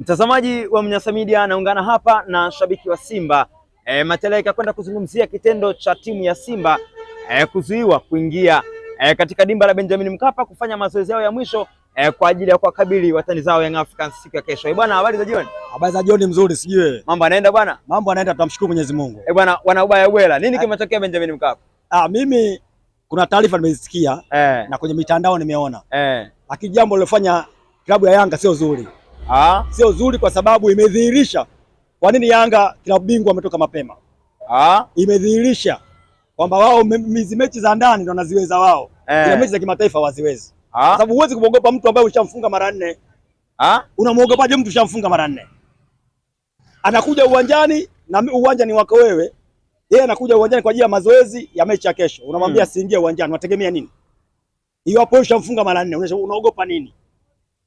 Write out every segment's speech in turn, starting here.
Mtazamaji wa Mnyasa Media anaungana hapa na shabiki wa Simba e, Mateleka kwenda kuzungumzia kitendo cha timu ya Simba e, kuzuiwa kuingia e, katika dimba la Benjamin Mkapa kufanya mazoezi yao ya mwisho e, kwa ajili ya kuwakabili watani zao Young Africans siku ya kesho. E, bwana habari za jioni. Habari za jioni mzuri sijui. Mambo yanaenda bwana? Mambo yanaenda tunamshukuru Mwenyezi Mungu. Eh, bwana wana ubaya bwela. Nini eh. kimetokea Benjamin Mkapa? Ah, mimi kuna taarifa nimezisikia eh, na kwenye mitandao nimeona. Eh. Lakini jambo lilofanya klabu ya Yanga sio zuri ah, sio zuri kwa sababu imedhihirisha kwa nini Yanga klabu bingwa ametoka mapema ah, imedhihirisha kwamba wao mizi mechi za ndani ndio wanaziweza wao eh, ila mechi za kimataifa hawaziwezi ah. kwa sababu huwezi kumwogopa mtu ambaye ushamfunga mara nne. Ah. Unamwogopaje mtu ushamfunga mara nne? Anakuja uwanjani na uwanja ni wako wewe, yeye anakuja uwanjani kwa ajili ya mazoezi ya mechi ya kesho, unamwambia hmm, siingie uwanjani, unategemea nini? Iwapo ushamfunga mara nne, unaogopa nini?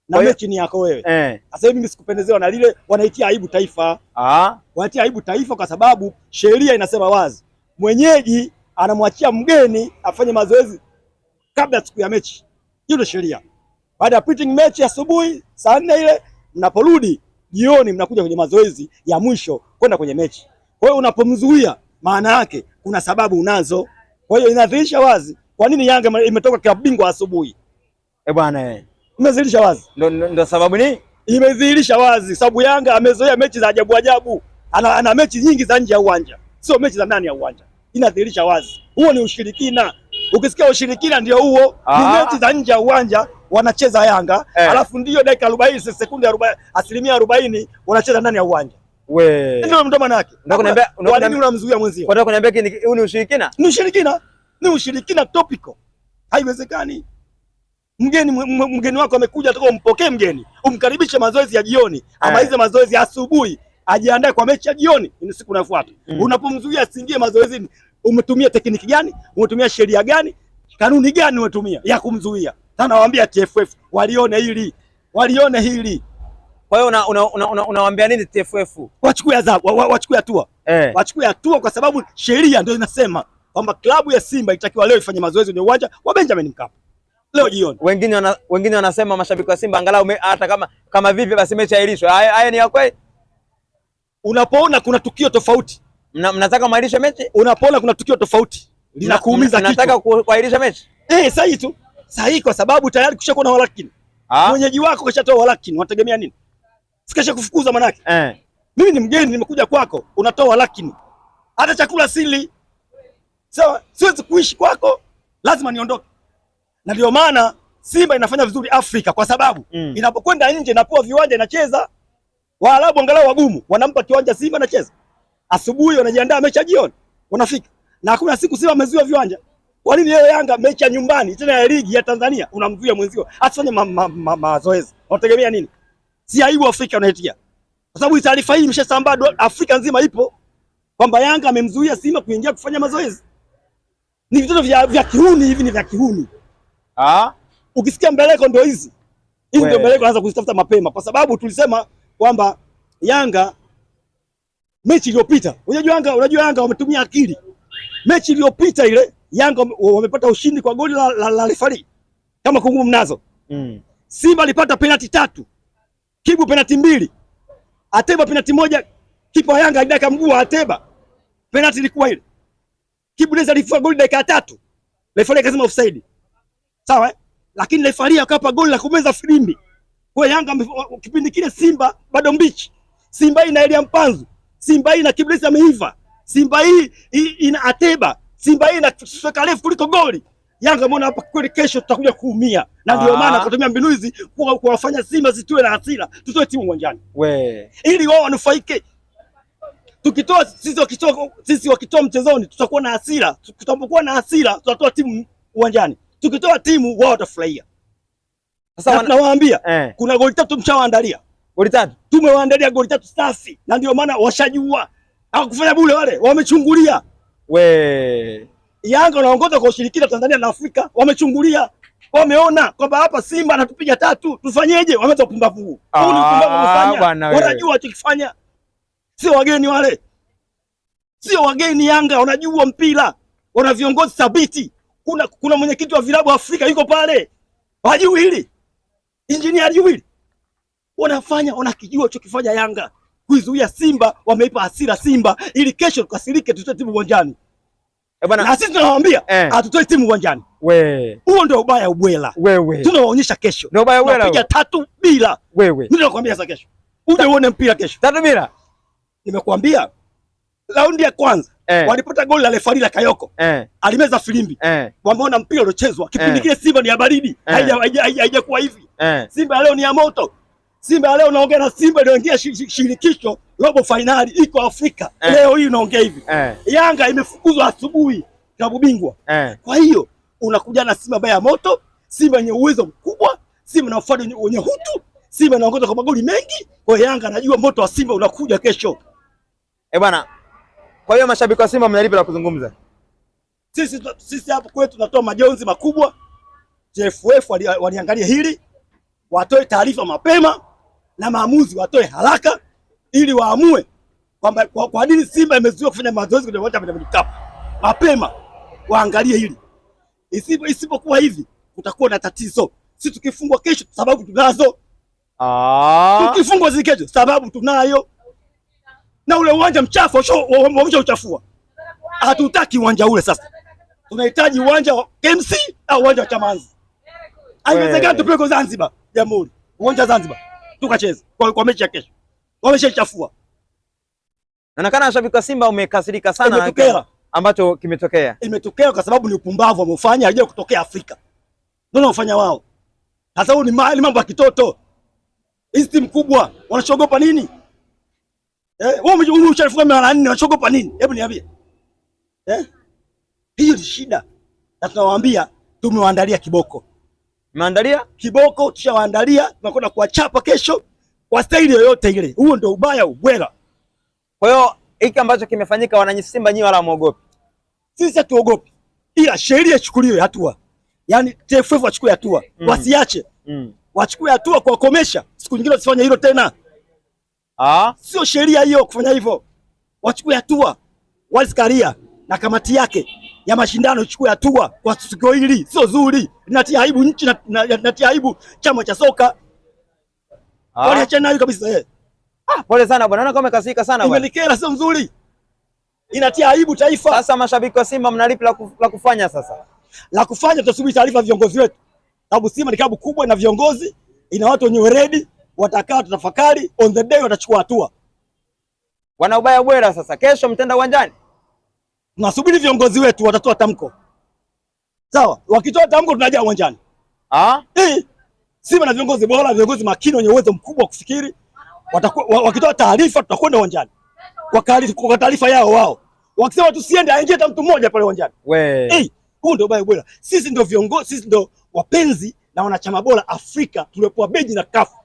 na Oye, mechi ni yako wewe eh. Sasa hivi mimi sikupendezewa na lile, wanaitia aibu taifa ah. Wanaitia aibu taifa kwa sababu sheria inasema wazi, mwenyeji anamwachia mgeni afanye mazoezi kabla siku ya mechi. Hiyo ndio sheria. Baada ya pitching mechi asubuhi saa nne ile, mnaporudi jioni mnakuja kwenye mazoezi ya mwisho kwenda kwenye mechi. Kwa hiyo unapomzuia, maana yake kuna sababu unazo. Kwa hiyo inadhihirisha wazi kwa nini Yanga imetoka kwa bingwa asubuhi. Eh bwana eh. Umedhihirisha wazi. Ndio ndio sababu ni imezidisha wazi sababu Yanga amezoea mechi za ajabu ajabu. Ana, ana mechi nyingi za nje ya uwanja, sio mechi za ndani ya uwanja. Inadhihirisha wazi, huo ni ushirikina. Ukisikia ushirikina ndio huo, ni mechi za nje ya uwanja wanacheza Yanga eh, alafu ndio dakika arobaini sekunde arobaini asilimia arobaini wanacheza ndani ya uwanja. We ndio ndo maana yake, unamzuia mwenzio. Unaniambia huu ni ushirikina? Ni ushirikina, ni ushirikina topical, haiwezekani mgeni mgeni wako amekuja, atakao umpokee mgeni, umkaribishe mazoezi ya jioni, eh. amalize mazoezi ya asubuhi, ajiandae kwa mechi ya jioni ni siku inayofuata. Mm. Unapomzuia asiingie mazoezini, umetumia tekniki gani? Umetumia sheria gani? Kanuni gani umetumia ya kumzuia? Sana waambia TFF walione hili, walione hili. Kwa hiyo unawaambia una, una, una, una nini TFF? Wachukue adhabu, wachukue hatua eh, wachukue hatua kwa sababu sheria ndio inasema kwamba klabu ya Simba itakiwa leo ifanye mazoezi kwenye uwanja wa Benjamin Mkapa leo jioni. Wengine wana, wengine wanasema mashabiki wa Simba angalau hata kama kama vipi basi mechi hairishwe. Haya ni ya kweli. Unapoona kuna tukio tofauti, mnataka mwahirishe mechi? Unapoona kuna tukio tofauti linakuumiza kichwa. nataka kuahirisha mechi? Eh, sahihi tu. Sahihi kwa sababu tayari kisha kuna walakini. Ah. Mwenyeji wako kashatoa walakini, wanategemea nini? Sikesha kufukuza manake. Eh. Mimi ni mgeni nimekuja kwako, unatoa walakini. Hata chakula sili. Sawa, so, siwezi kuishi kwako, lazima niondoke na ndio maana Simba inafanya vizuri Afrika kwa sababu mm. inapokwenda nje napewa viwanja inacheza. Waarabu angalau wagumu, wanampa kiwanja Simba anacheza asubuhi, wanajiandaa mechi ya jioni, wanafika na hakuna siku Simba amezuia viwanja. Kwa nini yeye Yanga mechi ya nyumbani tena ya ligi ya Tanzania unamzuia mwenzio asifanye mazoezi ma, ma, ma, unategemea nini? Si aibu Afrika unaitia, kwa sababu taarifa hii imeshasambaa Afrika nzima ipo kwamba Yanga amemzuia Simba kuingia kufanya mazoezi. Ni vitendo vya, vya kihuni hivi, ni vya kihuni. Ah, ukisikia mbeleko ndio hizi hizi ndio mbeleko, anaanza kuzitafuta mapema, kwa sababu tulisema kwamba Yanga mechi iliyopita, unajua Yanga, unajua Yanga wametumia akili. Mechi iliyopita ile Yanga wamepata ushindi kwa goli la, la, la refari kama kungumu mnazo mm. Simba alipata penalti tatu, Kibu penalti mbili, Ateba penalti moja, kipa Yanga alidaka mguu wa Ateba, penalti ilikuwa ile. Kibu Leza alifua goli dakika ya tatu, refari akasema offside sawa eh? Lakini refaria akapa goli la kumeza filimbi kwa Yanga. Kipindi kile Simba bado mbichi, Simba ina Elia Mpanzu, Simba ina Kiblesi ameiva, Simba hii ina Ateba, Simba hii ina Sekalefu kuliko goli Yanga mbona hapa kweli, kesho tutakuja kuumia, na ndio ah. maana kutumia mbinu hizi kuwafanya Simba zitiwe na hasira, tutoe timu uwanjani we, ili wao wanufaike. Tukitoa sisi, wakitoa sisi, wakitoa mchezoni, tutakuwa na hasira. Tutapokuwa na hasira, tutatoa timu uwanjani tukitoa timu wao watafurahia. Sasa tunawaambia eh, kuna goli tatu mshawaandalia. Goli tatu. Tumewaandalia goli tatu safi na ndio maana washajua. Hawakufanya bure wale, wamechungulia. We. Yanga wanaongoza kwa ushirikina Tanzania na Afrika, wamechungulia. Wameona kwamba hapa Simba anatupiga tatu, tufanyeje? Wameanza kupumbavu. Huu ni ah, Wanajua wachokifanya. Sio wageni wale. Sio wageni Yanga, wanajua mpira. Wana viongozi thabiti kuna, kuna mwenyekiti wa vilabu Afrika yuko pale, hajui hili injinia, hajui hili wanafanya wanakijua chokifanya Yanga kuizuia Simba, wameipa hasira Simba ili kesho tukasirike, tutoe timu uwanjani eh, na sisi tunawaambia eh. hatutoi eh, timu uwanjani. Huo ndio ubaya ubwela, tunawaonyesha kesho piga tatu bila. Nakwambia sasa, kesho uje uone mpira kesho tatu bila. Nimekuambia raundi ya kwanza eh, walipata goli la refari la Kayoko eh, alimeza filimbi eh, wameona mpira uliochezwa kipindi eh. kile eh, Simba ni ya baridi eh, haijakuwa hivi eh, Simba leo ni ya moto. Simba leo naongea na Simba inayoingia shirikisho robo fainali iko Afrika eh, leo hii unaongea hivi eh, Yanga imefukuzwa asubuhi klabu bingwa eh. Kwa hiyo unakuja na Simba baya moto, Simba yenye uwezo mkubwa, Simba na ufadi wenye hutu, Simba inaongoza kwa magoli mengi. Kwa Yanga anajua moto wa Simba unakuja kesho, eh bwana. Kwa hiyo mashabiki wa Simba mnalipa la kuzungumza. Sisi sisi hapo kwetu tunatoa majonzi makubwa. TFF waliangalia hili, watoe taarifa mapema na maamuzi watoe haraka ili waamue kwamba kwa, kwa nini Simba imezuiwa kufanya mazoezi kwenye uwanja wa Cup. Mapema waangalie hili. Isipo isipokuwa hivi kutakuwa na tatizo. Sisi tukifungwa kesho sababu tunazo. Ah. Tukifungwa zikesho sababu tunayo na ule uwanja mchafu uchafua. hatutaki uwanja ule. Sasa tunahitaji uwanja wa KMC au uwanja wa Chamazi. Haiwezekani tupeleke Zanzibar, Jamhuri, uwanja Zanzibar tukacheze kwa, kwa mechi ya kesho, wameshachafua. Naonekana shabiki wa Simba umekasirika sana imetokea, ambacho kimetokea imetokea kwa sababu ni upumbavu wameufanya, haija kutokea Afrika ndio wanaofanya wao. Sasa huu ni mali mambo ya kitoto, hizi timu kubwa wanachogopa nini? Eh, wewe umeshafunga mara nne unachogopa nini? Hebu niambie. Eh? Hiyo ni shida. Na tunawaambia tumewaandalia kiboko. Tumeandalia kiboko, tushawaandalia, tunakwenda kuwachapa kesho kwa staili yoyote ile. Huo ndio ubaya ubwela. Kwa hiyo hiki ambacho kimefanyika wananyisimba nyinyi wala muogopi. Sisi hatuogopi. Ila sheria ichukuliwe hatua. Yaani TFF wachukue hatua. Mm. Wasiache. Mm. Wachukue hatua kuwakomesha. Siku nyingine usifanye hilo tena. Ah, sio sheria hiyo kufanya hivyo. Wachukue hatua Wallace Karia na kamati yake ya mashindano ichukue hatua kwa tukio hili, sio zuri, linatia aibu nchi na linatia aibu chama cha soka. Ah, wale achana nayo kabisa yeye. Eh? Ah, pole sana bwana. Naona kama kasika sana bwana. Imenikera, sio mzuri. Inatia aibu taifa. Sasa mashabiki wa Simba mna lipi la kufanya sasa? La kufanya tutasubiri taarifa viongozi wetu. Sababu Simba ni klabu kubwa na viongozi ina watu wenye weredi watakaa, watatafakari, on the day, watachukua hatua. Wana ubaya bwera. Sasa kesho mtenda uwanjani, tunasubiri viongozi wetu watatoa tamko. Sawa, wakitoa tamko tunaja uwanjani. Ah? Sima na viongozi bora, viongozi makini, wenye uwezo mkubwa wa kufikiri, wakitoa taarifa tutakwenda uwanjani kwa taarifa yao wao. Wakisema tusiende, aingie hata mtu mmoja pale uwanjani. Huu eh, huo ndio ubaya bwera. Sisi ndio viongozi, sisi ndio wapenzi na wanachama bora Afrika, tuliopewa beji na kafu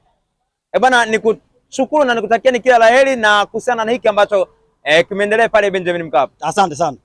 Eh, bwana nikushukuru na nikutakia ni kila la heri na kuhusiana na hiki ambacho eh, kimeendelea pale Benjamin Mkapa. Asante sana.